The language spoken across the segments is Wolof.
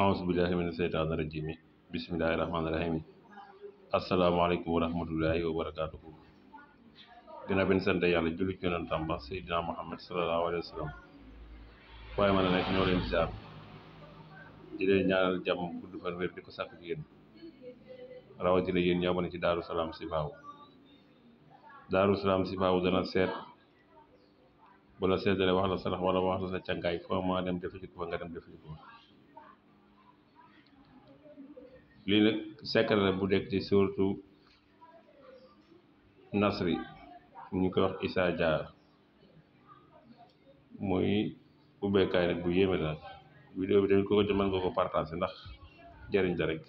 ahousubillahi mina seytaani rajim yi bisimilahi rahmaanirahim yi asalaamaaleykum wa rahmatullahi wa barakatuhu ginnaaw benn sant yàlla julli ci yonent am seydina Muhammad salallaahu alayhi wa sallam waaye mën a nekk ñoo leen ziar di leen ñaanal jàmm gudd fan wér di ko sàkk ci yéen rawatina yéen ñoo ci daaru salaam si faaw daaru salaam si faaw dana seet bu la seetalee wax la sarax wala wax sa càngaay foo ma dem defe ci ko lii nag secret la bu dek ci suurtu nasri ñu koy wax isa jaar muy ubbeekaay rek bu yéeme la vidéo bi tamit ko ko ko partagé ndax jëriñ la rek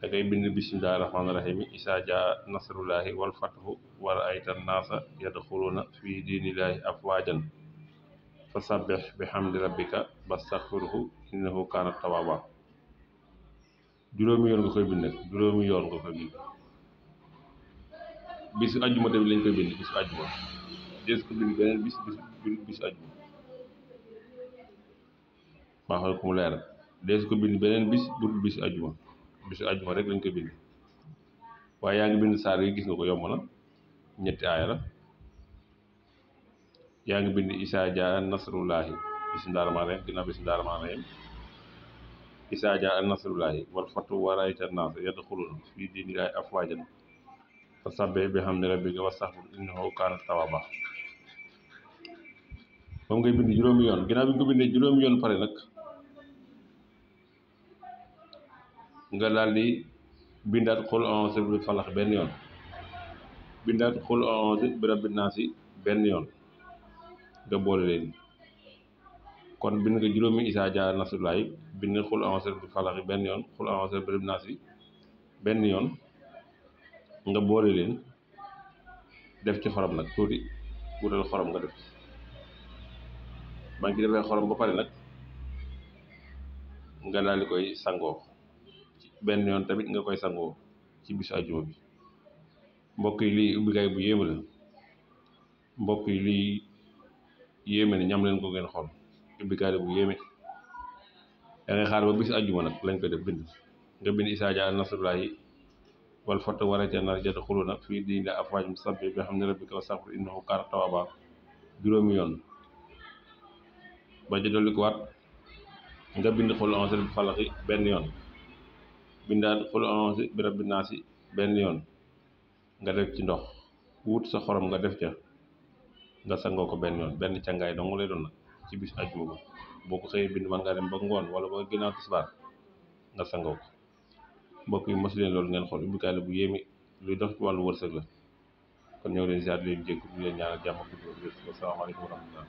da ngay bind bismillahi rahmaani rahim isa jaa nasrullahi wal fathu wa ra'ayta an-naasa yadxuluuna fi diinillahi afwaajan fasabbih bihamdi rabbika wastaghfirhu innahu kaana tawwaaba juróomi yoon nga koy bind juróomi yoon nga koy bind lañ koy bind bisu àjjuma des ko bind beneen bis bis bisu àjjuma baaxal ko leer des ko bind beneen bis bu bisu àjjuma bisu àjjuma rek lañ koy bind waaye yaa ngi bind saar yi gis nga ko yomb na ñetti aaya la yaa ngi bind isaa jaa nasrullahi bismillaahi rahmaani rahiim ginnaaw bismillaahi rahmaani rahiim isaa jaa an nasrullaahi wal fathu wa raayta naasa yadxuluuna fii diinillaahi afwaajan fasabbih bihamdi rabbika wastaxfir innahu kaana tawwaaba moom ngay bind juróomi yoon ginnaaw bi ñu ko bindee juróomi yoon pare nag nga daal di xul a'uuzu bi falax benn yoon bindaat xul a'uuzu benn yoon nga boole leen. kon bind nga juróomi isaa jaa nasrullaahi bind xul avancer bi falaxi benn yoon xul avancer bi naas yi benn yoon nga boole leen def ci xorom nag tuuti wutal xorom nga def ci ba nga defee xorom ba pare nag nga daal li koy sangoo benn yoon tamit nga koy sangoo ci bisu àjjuma bi mbokk yi lii ubbikaay bu yéeme la mbokk yi lii yéeme na ñam leen ko ngeen xool ubbikaale bu yéeme da ngay xaar ba bis àjjuma nag lañ ko def bind nga bind isaa jaa nasrullaahi wal fath wa ra'aytan naasa yadxuluuna fii diinillaahi afwaajan fasabbih bihamdi rabbika wastaghfir innahu yoon ba ja dolli ko bi falaq benn yoon bi rabbi benn yoon nga def ci ndox wut sa xorom nga def ca nga sangoo ko benn yoon benn cangaay dong lay doon nag ci bis aj boobu boo ko xëyee bind mën ngaa dem ba ngoon wala ba ginnaaw tisbaar nga sangoo ko yi mos leen loolu ngeen xool ubbikaay la bu yéeme lu dox ci wàllu wërsëg la kon ñëw leen ziar leen jégg ñu leen ñaanal jàmm ak salaamaaleykum wa rahmatullah